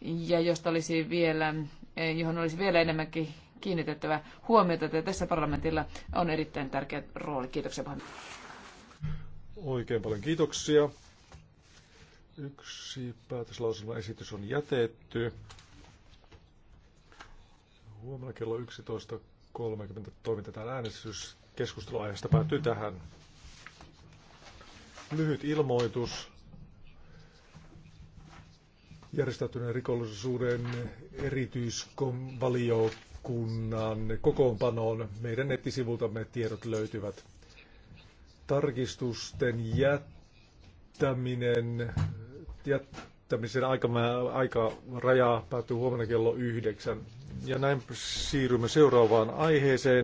ja josta olisi vielä, eh, johon olisi vielä enemmänkin kiinnitettävä huomiota, että tässä parlamentilla on erittäin tärkeä rooli. Kiitoksia paljon. Oikein paljon kiitoksia. Yksi päätöslauselman esitys on jätetty. Huomenna kello 11.30 toimitetaan äänestys. Keskusteluaiheesta päättyy tähän. Lyhyt ilmoitus järjestäytyneen rikollisuuden erityisvaliokunnan kokoonpanoon. Meidän nettisivultamme tiedot löytyvät. Tarkistusten jättäminen, jättämisen aika raja päättyy huomenna kello yhdeksän. Ja näin siirrymme seuraavaan aiheeseen.